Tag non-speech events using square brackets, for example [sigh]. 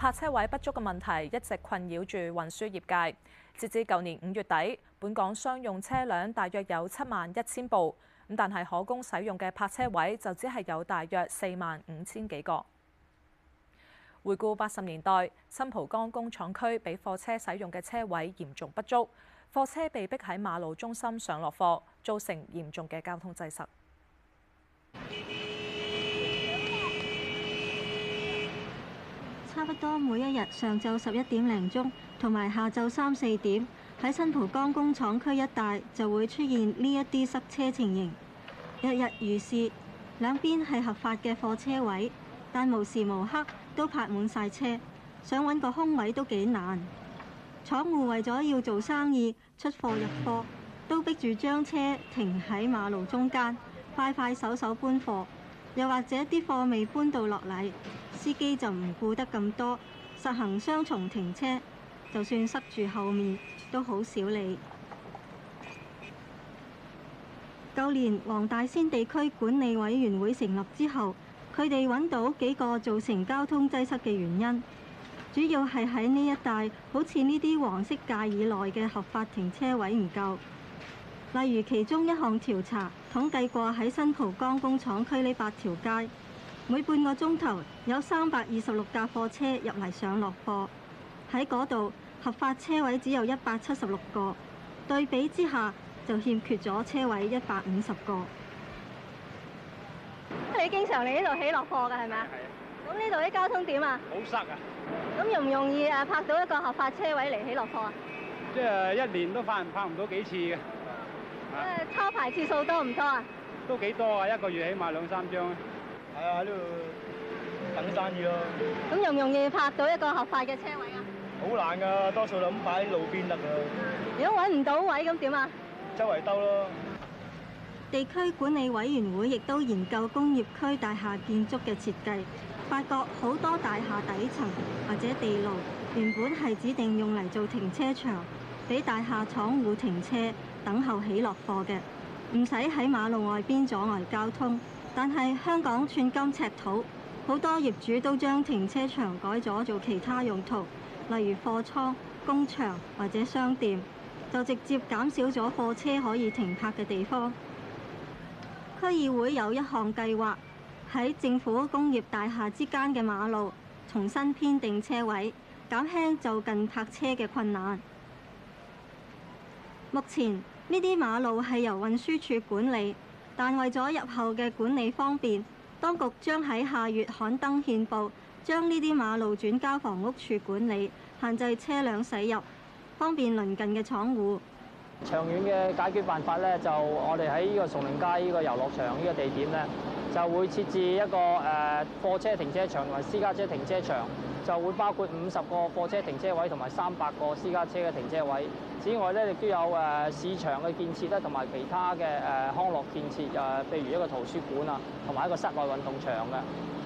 泊車位不足嘅問題一直困擾住運輸業界。截至舊年五月底，本港商用車輛大約有七萬一千部，咁但係可供使用嘅泊車位就只係有大約四萬五千幾個。回顧八十年代，新蒲崗工廠區俾貨車使用嘅車位嚴重不足，貨車被迫喺馬路中心上落貨，造成嚴重嘅交通擠塞。差不多每一日上晝十一點零鐘，同埋下晝三四點，喺新蒲崗工廠區一帶就會出現呢一啲塞車情形。日日如是，兩邊係合法嘅貨車位，但無時無刻都泊滿晒車，想揾個空位都幾難。廠戶為咗要做生意、出貨入貨，都逼住將車停喺馬路中間，快快手手搬貨。又或者啲貨未搬到落嚟，司機就唔顧得咁多，實行雙重停車，就算塞住後面都好少理。舊 [noise] 年黃大仙地區管理委員會成立之後，佢哋揾到幾個造成交通擠塞嘅原因，主要係喺呢一帶，好似呢啲黃色界以內嘅合法停車位唔夠。例如其中一項調查統計過喺新蒲崗工廠區呢八條街，每半個鐘頭有三百二十六架貨車入嚟上落貨。喺嗰度合法車位只有一百七十六個，對比之下就欠缺咗車位一百五十個。你經常嚟呢度起落貨㗎，係咪啊？係啊。咁呢度啲交通點啊？好塞啊！咁容唔容易啊？拍到一個合法車位嚟起落貨啊？即係一年都拍拍唔到幾次嘅。誒、啊，抄牌次數多唔多啊？都幾多啊，一個月起碼兩三張啊。係啊，呢度等生意咯、啊。咁容唔容易拍到一個合法嘅車位啊？好難㗎、啊，多數就咁擺喺路邊得、啊、㗎、啊。如果揾唔到位，咁點啊？周圍兜咯、啊。地區管理委員會亦都研究工業區大廈建築嘅設計，發覺好多大廈底層或者地牢原本係指定用嚟做停車場，俾大廈廠戶停車。等候起落貨嘅，唔使喺馬路外邊阻礙交通。但係香港寸金尺土，好多業主都將停車場改咗做其他用途，例如貨倉、工場或者商店，就直接減少咗貨車可以停泊嘅地方。區議會有一項計劃，喺政府工業大廈之間嘅馬路重新編定車位，減輕就近泊車嘅困難。目前呢啲馬路係由運輸署管理，但為咗日後嘅管理方便，當局將喺下月刊登憲報，將呢啲馬路轉交房屋署管理，限制車輛駛入，方便鄰近嘅廠戶。長遠嘅解決辦法咧，就我哋喺呢個崇寧街呢個遊樂場呢個地點咧，就會設置一個誒、呃、貨車停車場同埋私家車停車場，就會包括五十個貨車停車位同埋三百個私家車嘅停車位。此外咧，亦都有誒、呃、市場嘅建設咧，同埋其他嘅誒、呃、康樂建設誒，譬、呃、如一個圖書館啊，同埋一個室內運動場嘅。